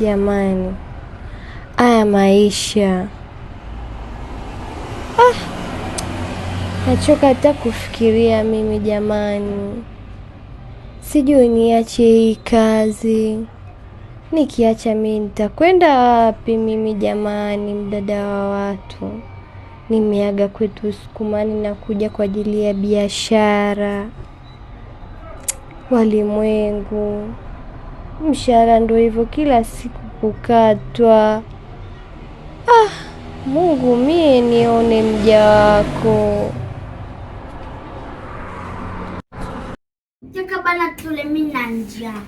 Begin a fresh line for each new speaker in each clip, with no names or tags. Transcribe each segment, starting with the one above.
Jamani, haya maisha ah, nachoka hata kufikiria mimi jamani. Sijui niache hii kazi, nikiacha mimi nitakwenda wapi mimi jamani? Mdada wa watu, nimeaga kwetu Usukumani na kuja kwa ajili ya biashara. Walimwengu mshahara ndo hivyo kila siku kukatwa. Ah, Mungu mie nione mja wako. Jaka tule, mimi na njaa.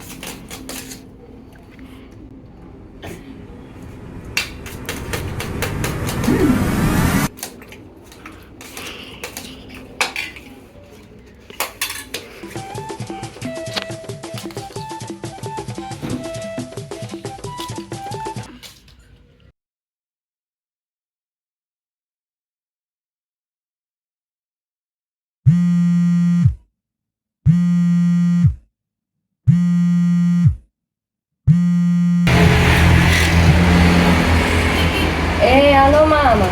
tano mama.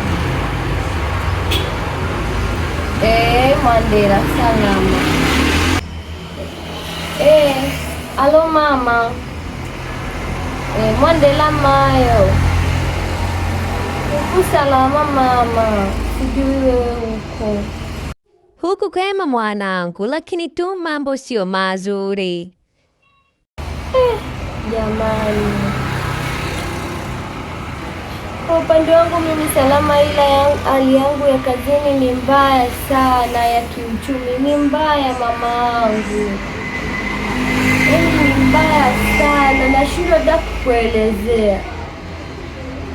Eh, Mandela, salama. Eh, alo mama. Eh, Mwandela mayo. Usalama mama, sijui wewe huko
huku kwema mwanangu, lakini tu mambo sio mazuri
eh, jamani. Kwa upande wangu mimi salama, ila yangu, hali yangu ya kazini ni mbaya sana, ya kiuchumi ni mbaya mamaangu, angu yaani ni mbaya sana, nashindwa hata kukuelezea.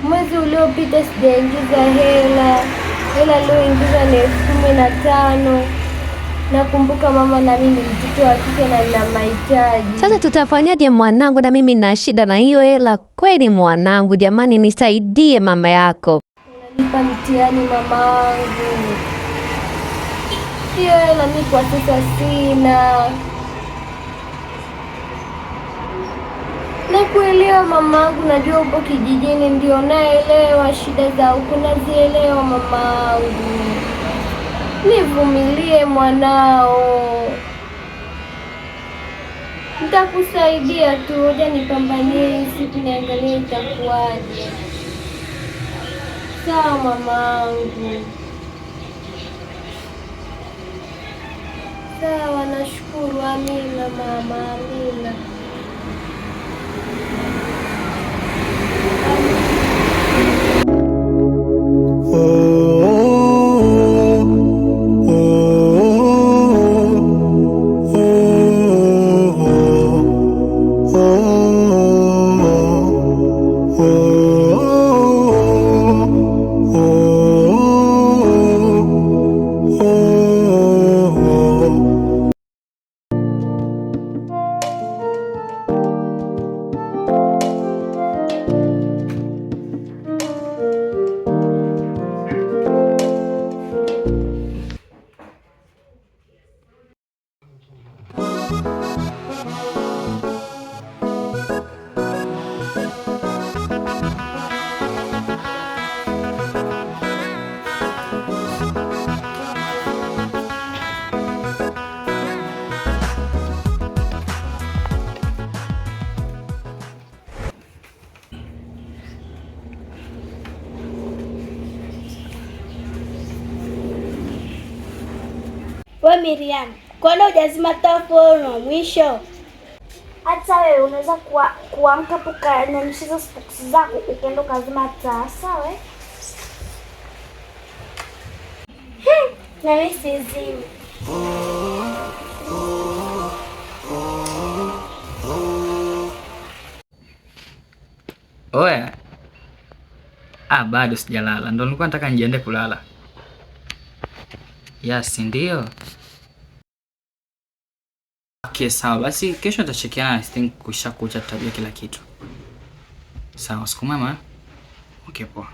Mwezi uliopita sijaingiza hela, hela leo ingiza ni elfu kumi na tano. Nakumbuka mama, na mimi mtoto wa kike na nina mahitaji.
Sasa tutafanyaje mwanangu, na mimi na shida na hiyo hela kweli. Mwanangu jamani, nisaidie mama yako,
unanipa mtihani mama wangu. Hiyo hela mimi kwa sasa sina. Nakuelewa mamaangu, najua upo kijijini, ndio naelewa shida za huko, nazielewa mamaangu nivumilie mwanao, nitakusaidia tu. hoja nipambanie hii siku, niangalie itakuwaje. Sawa mamaangu, sawa. Nashukuru. Amina mama, amina.
We Miriam, kwani hujazima taa wa mwisho?
Hata wewe unaweza kuamka tu kanamishiza spoks zako ukaenda ukazima taa, sawa?
Hmm, Nami sizimi
oya. Ah, bado sijalala, ndo nilikuwa nataka nijiende kulala. Yes, ndio? Okay, sawa basi, kesho tutachekiana. I think kushakucha tutajua kila kitu. Sawa, siku mama. Okay, poa.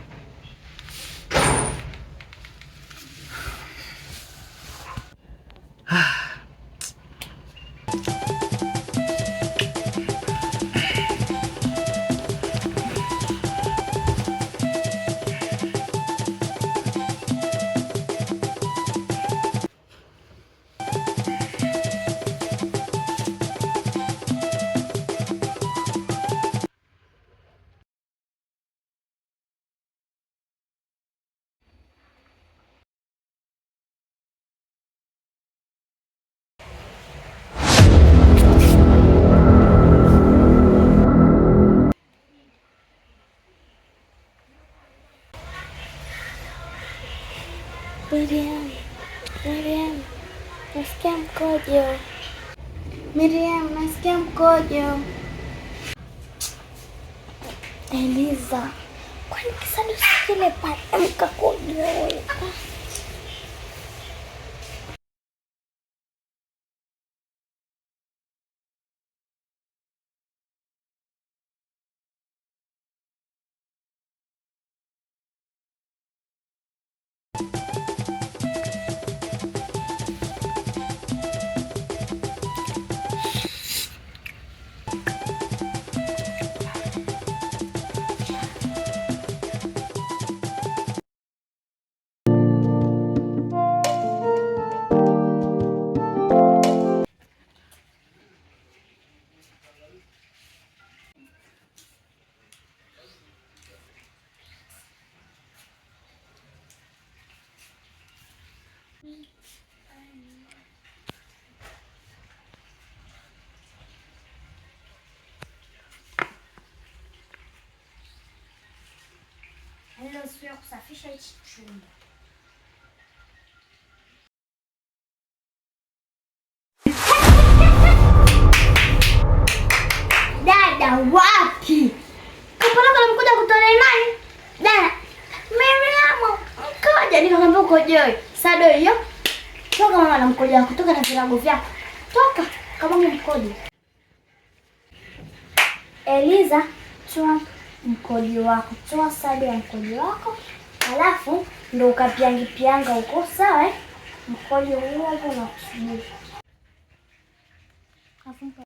mkojo. Miriam, nasikia mkojo. Eliza, kwani kisali usikile pale mkakojo kusafisha hichi chumba. Dada wapi? Kapoloko namkuja kutolea nani? Dada Miriam, mkoja nikakwambia ukojoe. Sado hiyo. Toka mama namkoja kutoka na virago vyako. Toka kama mkoja. Eliza, chua mkojo wako, toa sadi ya mkojo wako, alafu ndo ukapiangipianga huko, sawa? Eh? Mkojo huo hapo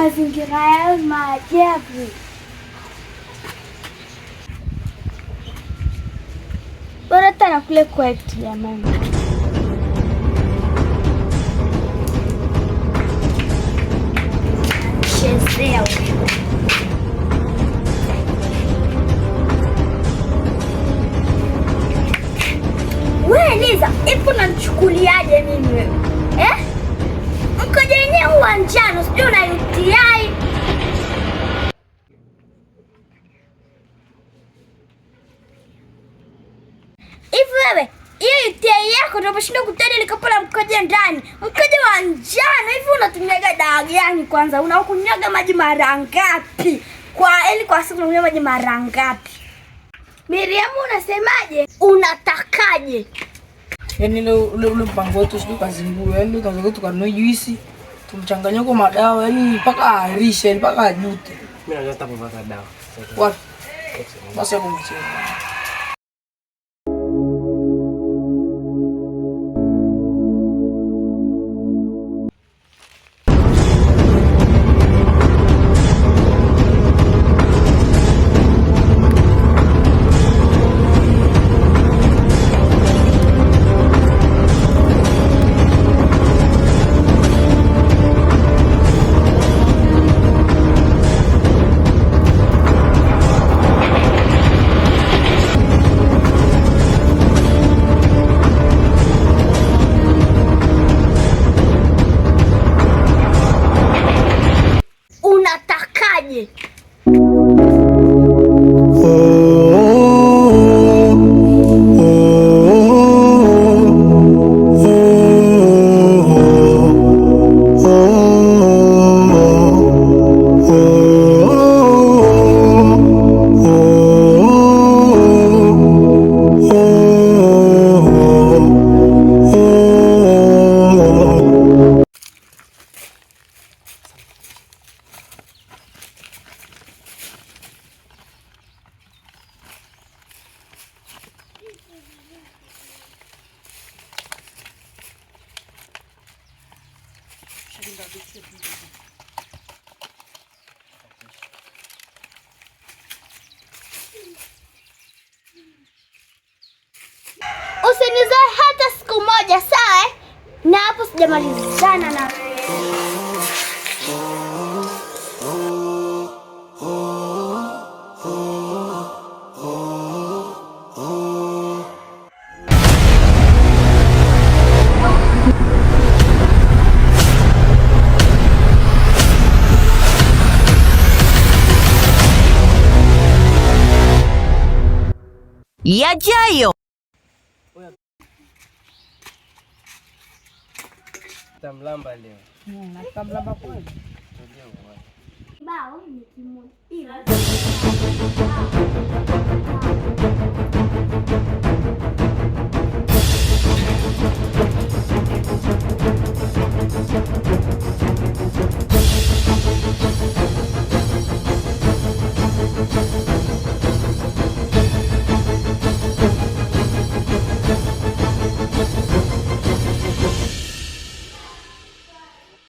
mazingira yao maajabu. Bora tena kule kwetu jamani. wewe, Liza, ipo namchukuliaje mimi wewe eh? kuwa njano, sijui una UTI. Hivi wewe hiyo UTI yako ndio umeshindwa kutaja likopo la ndani, mkoje wa njano. Hivi unatumiaga dawa gani kwanza? Unakunywaga maji mara ngapi kwa eli yaani kwa siku unakunywa maji mara ngapi? Miriamu, unasemaje? Unatakaje?
Yaani ule mpango wetu sijui kazimbue, yaani tukanunua juisi tumchanganyiko madawa, yani mpaka arishe, mpaka ajute.
Mimi najua kupata dawa.
Wapi? Basi kumcheza.
nizoe hata siku moja, sawa? Eh? Na hapo sijamalizana na
yajayo.
Tamblan baliw.
Hmm, nagtamblan ba po eh? Hindi ako.
Bao, Mickey Mouse.